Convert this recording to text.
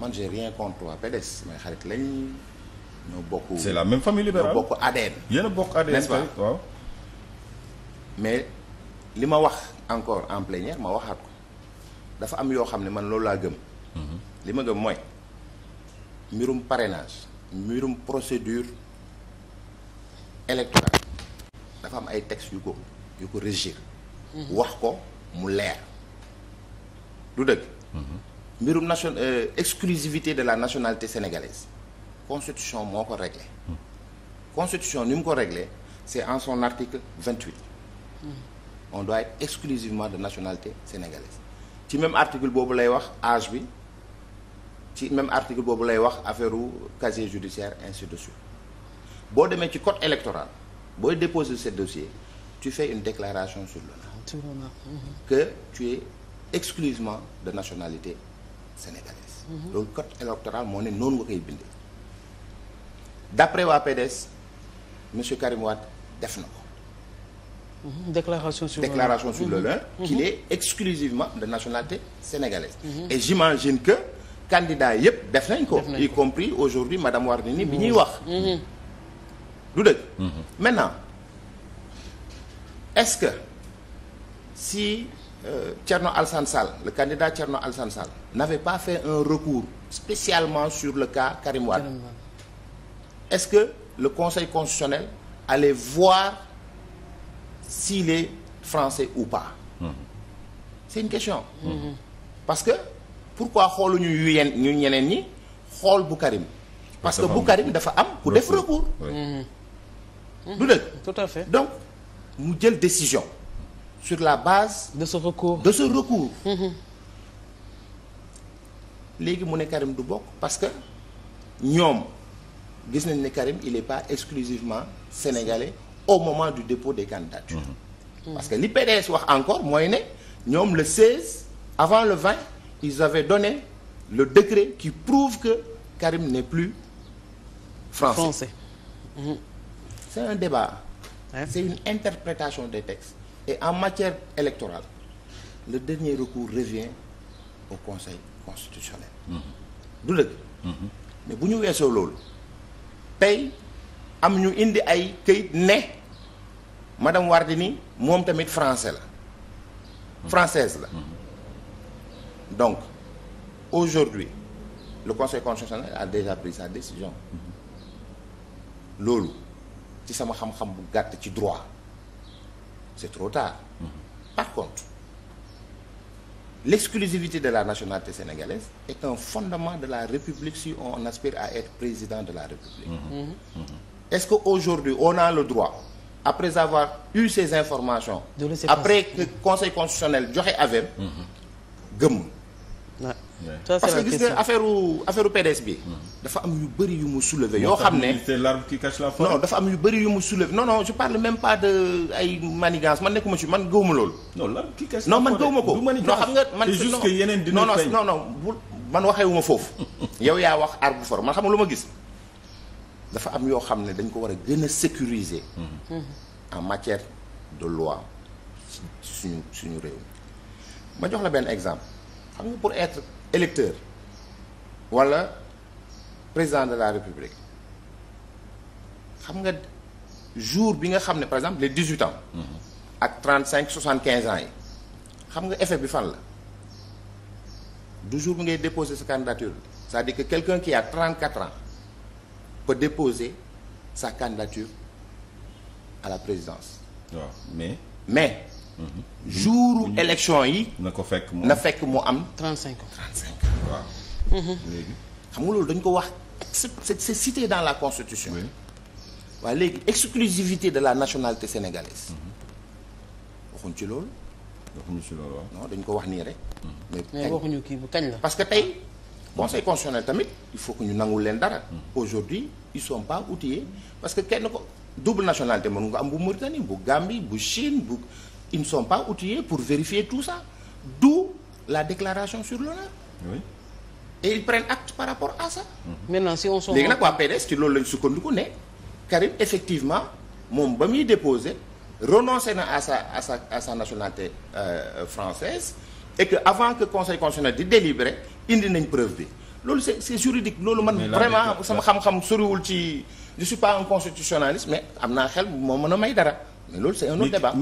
man j'ai rien contre waa PDS mais xarit lañ ñoo bokk. c'est la même famille libérale ñoo bokk ADN. yéen a bokk ADN n'est-ce pas mais li ma wax encore en plénière ma waxaat ko dafa am yoo xam ne man loolu laa gëm. Mhm. li ma gëm mooy mbirum parrainage mbirum procédure électorale dafa am ay textes yu ko yu ko régir. Mhm. wax ko mu leer du dëgg. mbirum nation euh, exclusivité de la nationalité sénégalaise constitution moo ko réglé constitution ni mu ko régle c'est en son article 28 mm. on doit être exclusivement de nationalité sénégalaise ci même article boobu lay wax âge bi ci même article boobu lay wax affaire u casier judiciaire ainsi de suite boo demee ci code électoral booy déposer ce dossier tu fais une déclaration sur l'honneur mm-hmm. que tu es exclusivement de nationalité sénégalaise. loolu code électoral moo ne noonu nga koy bindee. d'après waa PDS monsieur Karim Wade def na ko. déclaration mhm, sur déclaration sur le lin mhm. Mhm. qu'il est exclusivement de nationalité sénégalaise. et j'imagine que candidat yëpp def nañ ko. y compris aujourd'hui madame Wardini bi ñuy wax. du dëgg. maintenant est-ce que si. euh, Thierno Alassane Sall le candidat Thierno Alassane Sall pas fait un recours spécialement sur le cas Karim Wade est-ce que le Conseil constitutionnel allait voir s'il est français ou pas mmh. c'est une question parce que pourquoi xooluñu yu yenn ñu ñeneen ñi xool bu Karim parce que bu Karim dafa am ku def recours du de tout à fait donc mu jël décision sur la base. de ce recours de ce recours. Mm-hmm. léegi mu ne Karim du bokk parce que ñoom gis nañ ne Karim il est pas exclusivement sénégalais au moment du dépôt des candidatures. Mm-hmm. Mm-hmm. parce que li PDS wax encore mooy ne ñoom le 16 avant le 20 ils avaient donné le degré qui prouve que Karim n'est plus français. français. c'est un débat. c'est une interprétation des textes. Et en matière électorale, le dernier recours revient au Conseil constitutionnel. Mm-hmm. du dëgg. Mm-hmm. mais bu ñu weesoo loolu tey am ñu indi ay këyit ne madame Wardini moom tamit français la. Mm-hmm. française la. donc aujourd'hui le Conseil constitutionnel a déjà pris sa décision. loolu ci sama xam-xam bu gàtt ci droit. c'est trop tard mmh. par contre l'exclusivité de la nationalité sénégalaise est un fondement de la République si on aspire à être président de la République mm-hmm. Mm-hmm. Mm-hmm. est-ce qu'aujourd'hui on a le droit après avoir eu ces informations après que conseil constitutionnel joxe avis gëm parce que gis nga affaire affaire PDS bi. dafa am yu bëri yu mu soulever yoo xam ne c'est l'arbre qui cache dafa am yu bëri yu mu soulever non non je parle même pas de ay manigance man nekkuma ci man gëwuma loolu. non l'arbre qui cache la forêt non man gëwuma ko. non xam nga man juste que yeneen dinañ feeñ non non non man waxeewuma foofu. yow yaa wax arbre forêt man xam nga lu ma gis dafa am yoo xam ne dañ ko war a gën a sécuriser. Mm-hmm. en matière de loi suñu suñu réew. ma jox la benn exemple. xam nga pour être électeur wala président de la république xam nga jour bi nga xam ne par exemple les dix-huit ans. Mhm. ak trente-cinq soixante-quinze ans yi xam nga effet bi fan la du jour bi ngay déposer sa candidature c'est-à-dire que quelqu'un qui a trente-quatre ans peut déposer sa candidature à la présidence. mais mais. jouru élection yi. na ko fekk mu na fekk mu am. 35 ans mhm. xam nga loolu dañ ko wax c'est c'est cité dans la constitution. waa léegi exclusivité de la nationalité sénégalaise. Mhm. waxuñ ci loolu. waxuñu ci dañ ko wax nii rek. Mhm. mais waxuñu kii bu kañ la. parce que tey conseil constitutionnel tamit il faut que ñu nangul leen dara. aujourd'hui ils sont pas outillés parce que kenn ko double nationalité mën nga am bu Mauritanie bu Gambie bu Chine bu. ils ne sont pas outillés pour vérifier tout ça d'où la déclaration sur l'honneur oui. et ils prennent acte par rapport à ça mhm. maintenant si on léegi nag waa PDS ci loolu lañ ko ne Karim effectivement moom ba muy déposé renoncé na à sa à sa à sa nationalité euh, française et que avant que conseil constitutionnel di délibérer indi nañ preuve bi loolu c'est c'est juridique loolu man vraiment sama xam-xam soriwul ci je suis pas un constitutionnaliste mais am naa xel moo mën a may dara